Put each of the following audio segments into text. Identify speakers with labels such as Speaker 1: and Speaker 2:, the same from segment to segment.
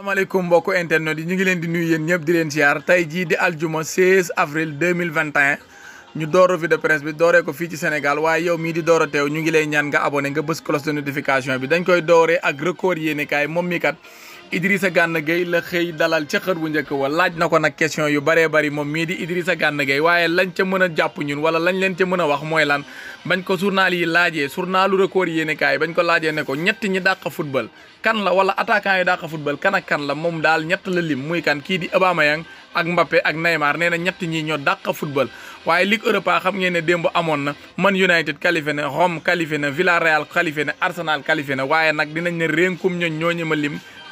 Speaker 1: asalaamaaleykum mbokku internet yi ñu ngi leen di nuyu yéen ñëpp di leen siyaar tey jii di aljuma 16 avril 2021 ñu door revue de presse bi dooree ko fi ci Sénégal waaye yow mii di door a teew ñu ngi lay ñaan nga abonné nga bës cloche de notification bi dañ koy doore ak record yéene kaay moom mi kat Idrissa Gana Gueye la xëy dalal ca xër bu njëkk wa laaj na ko nag question yu bëree bëri moom mii di Idrissa Gana Gueye waaye lañ ca mën a jàpp ñun wala lañ leen ca mën a wax mooy lan bañ ko journal yi laajee journalu record yéene kaay bañ ko laajee ne ko ñett ñi dàq football kan la wala attaquant yi dàq football kan ak kan la moom daal ñett la lim muy kan kii di Aubameyang ak Mbappé ak Neymar nee ñett ñi ñoo dàq football waaye Ligue Europa xam ngeen ne démb Man United qualifié na Rome qualifié na Villarreal qualifié na Arsenal qualifié na waaye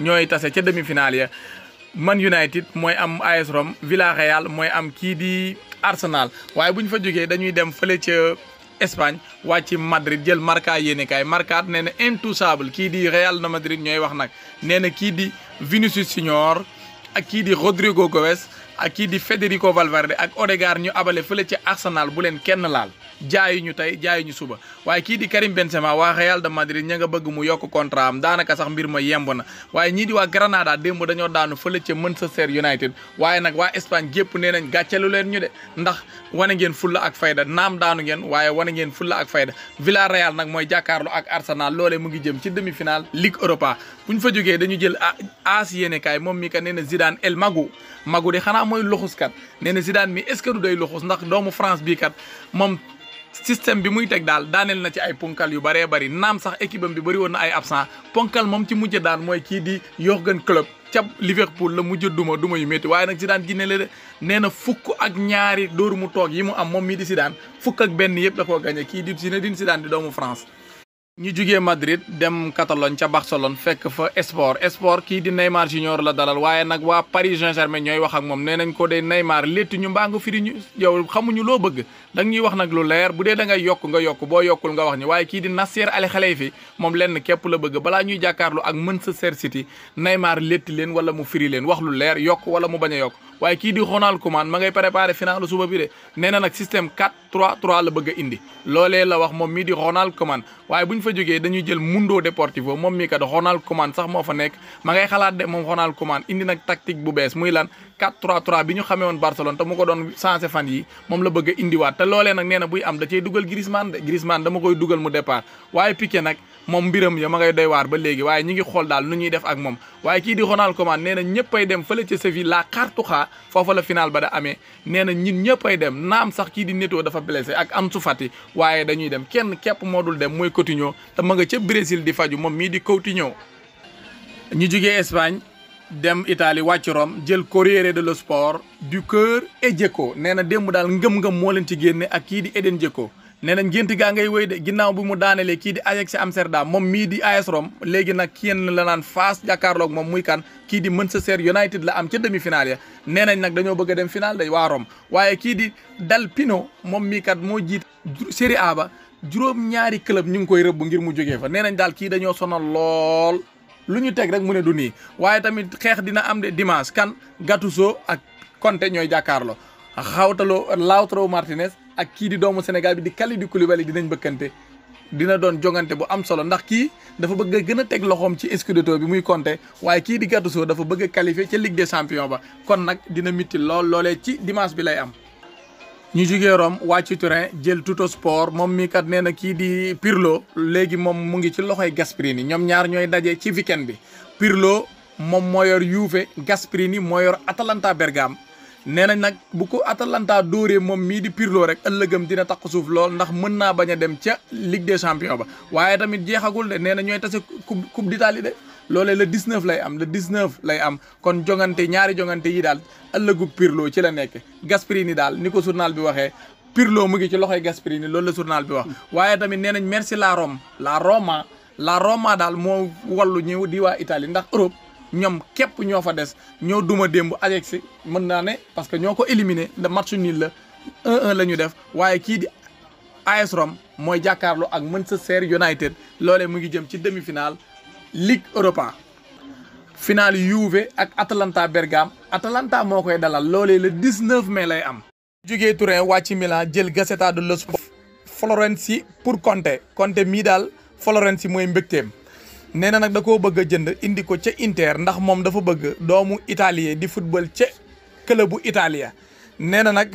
Speaker 1: ñooy tase ca demi-finale ya Man United mooy am AS Rome Villarreal mooy am kii di Arsenal waaye bu ñu fa jógee dañuy dem fële ca Espagne ci Madrid jël Marca yéene kaay Marca nee na intouchable kii di Real na Madrid ñooy wax nag nee na kii di Vinicius Junior ak kii di Rodrigo Goes ak kii di Federico Valverde ak Odegaard ñu abale fële ci Arsenal bu leen kenn laal jaayuñu tey jaayuñu suba waaye kii di Karim Benzema waa Real de Madrid ña nga bëgg mu yokk contrat am daanaka sax mbir ma yemb na waaye ñii di waa Granada démb dañoo daanu fële ca Manchester United waaye nag waa Espagne gépp nee nañ gàcceelu leen ñu de ndax wane ngeen fulla ak fayda naam daanu ngeen waaye wane ngeen fulla ak fayda Villarreal nag mooy jàkkaarloo ak Arsenal loolee mu ngi jëm ci demi-finale Ligue Europa bu ñu dañu jël AS yéene kaay moom mi ka nee na Zidane El Magu Magu de mooy loxuskat nee na Zidane mi est-ce que du day loxus ndax doomu France bii kat moom système bi muy teg daal daaneel na ci ay ponkal yu bëree bari naam sax équipe am bi bëri woon na ay absent ponkal moom ci mujj daan mooy kii di Jürgen Klopp ca Liverpool la mujj duma duma yu métti waaye nag Zidane ginne la de nee na fukk ak ñaari door mu toog yi mu am moom mii di Zidane fukk ak benn yëpp da koo gagné kii di Zinedine Zidane di doomu France. ñu jugee Madrid dem Catalogne ca Barcelone fekk fa sport sport kii di Neymar junior la dalal waaye nag waa Paris Saint-Germain ñooy wax ak moom nee nañ ko dee Neymar léttu ñu mbaa nga firi ñu yow ñu loo bëgg danga ñuy wax nag lu leer bu dee da ngay yokk nga yokk boo yokkul nga wax ñu waaye kii di Nasser Al-Khelaifi moom lenn képp la bëgg balaa ñuy jàkkaarloo ak Manchester City Neymar létti leen wala mu firi leen wax lu leer yokk wala mu bañ a yokk waaye kii di Ronald Koeman ma ngay préparé finalu suba bi de nee na nag système 4 3 la bëgg a indi loolee la wax moom mii di Ronald Koeman waaye fa jógee dañuy jël Mundo Deportivo moom mii kat Ronald Koeman sax moo fa nekk ma ngay xalaat de moom Ronald Koeman indi nag tactique bu bees muy lan 4-3-3 bi ñu xamee woon Barcelone te mu ko doon changé fan yi moom la bëgg a indiwaat te loolee nag nee na buy am da cey dugal Griezmann de Griezmann dama koy dugal mu départ waaye Piqué nag moom mbiram ya ma ngay doy waar ba léegi waaye ñi ngi xool daal nu ñuy def ak moom waaye kii di Ronald Koeman nee na ñëppay dem fële ca Séville la Cartuja foofa la finaal ba da amee nee na ñin ñëppay dem naam sax kii di Neto dafa blessé ak Ansu Fati waaye dañuy dem kenn képp moo dul dem mooy Coutinho te ma nga ca Brésil di faju moom mii di Coutinho ñu jigee Espagne dem Italie wàcc Rome jël de la Sport du Cœur et Dzeko nee na démb daal ngëm-ngëm moo leen ci génne ak kii di Eden Dzeko nee na ngénti gaa ngay wéy de ginnaaw mu daanelee kii di Ajax si Amsterdam moom mii di AS Rome léegi nag kenn la naan Fass jàkkaarloog moom muy kan kii di Manchester United la am ca demi-finale ya nee nañ nag dañoo bëgg a dem finale day waa Rome waaye kii di Dal Pino moom mii kat moo jiit Serie A ba juróom ñaari club ñu ngi koy rëbb ngir mu jóge fa nee nañ daal kii dañoo sonal lool lu ñu teg rek mu ne du nii waaye tamit xeex dina am de dimanche kan Gattuso ak Conte ñooy jàkkaarloo xawtaloo Lautaro Martinez ak kii di doomu Sénégal bi di Kalidou Koulibaly dinañ bëkkante dina doon jongante bu am solo ndax kii dafa bëgg a gën a teg loxoom ci scudetto bi muy Conte waaye kii di Gattuso dafa bëgg a qualifier ca Ligue des Champions ba kon nag dina mitti lool loolee ci dimanche bi lay am. ñu jugee Rome wàcc Turin jël Tuttosport moom mii kat nee na kii di Pirlo léegi moom mu ngi ci loxoy ni ñoom ñaar ñooy daje ci weekend bi Pirlo moom moo yor Juve Gasperini moo yor Atalanta Bergame nee nañ nag bu ko Atalanta dooree moom mii di Pirlo rek ëllëgam dina taq suuf lool ndax mën naa bañ a dem ca Ligue des champions ba waaye tamit jeexagul de nee na ñooy tase coupe coupe d'Italie de loolee le 19 lay am le 19 lay am kon jongante ñaari jongante yi daal ëllëgu Pirlo ci la nekk Gasperini daal ni ko journal bi waxee Pirlo mu ngi ci loxoy Gasperini loolu la journal bi wax waaye tamit nee nañ merci la Rome la Roma la Roma daal moo wallu ñëw di waa Italie ndax Europe ñoom képp ñoo fa des ñoo duma démb Ajax mën naa ne parce que ñoo ko éliminé le match nul la 1-1 la ñu def waaye kii di AS Rome mooy jàkkaarloo ak sa Manchester United loole mu ngi jëm ci demi-finale Ligue Europa. finale Juve ak Atalanta Bergame Atalanta moo koy dalal loolee le 19 mai lay am. jógee Turin wàcc Milan jël Gazzetta dello Sport. Florenzi pour conté conté mii daal Florenzi mooy mbégteem. nee na nag da koo bëgg a jënd indi ko ca Inter ndax moom dafa bëgg doomu italien di football ca club bu Italia. nee na nag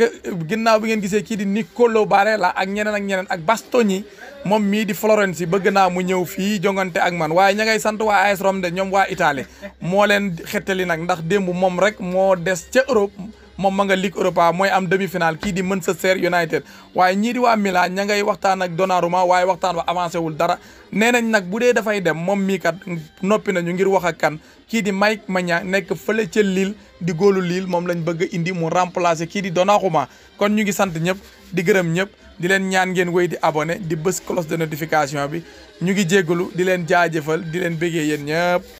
Speaker 1: ginnaaw bi ngeen gisee kii di Nicolo Barella ak ñeneen ak ñeneen ak Bastoni moom mii di Florenzi bëgg naa mu ñëw fii jongante ak man waaye ña ngay sant waa AS Rome de ñoom waa itali moo leen xettali nag ndax démb moom rek moo des ca Europe moom ma nga Ligue Europa mooy am demi-finale kii di sa Manchester United waaye ñii di waa Milan ña ngay waxtaan ak Donnarumma waaye waxtaan wa avancé wul dara nee nañ nag bu dee dafay dem moom mii kat noppi nañu ngir wax ak kan kii di Mike Maignan nekk fële ca liil di góolu liil moom lañ bëgg indi mu remplacer kii di Donnarumma kon ñu ngi sant ñëpp di gërëm ñëpp di leen ñaan ngeen wéy di abonné di bës cloche de notification bi ñu ngi jéggalu di leen jaajëfal di leen béggee yéen ñëpp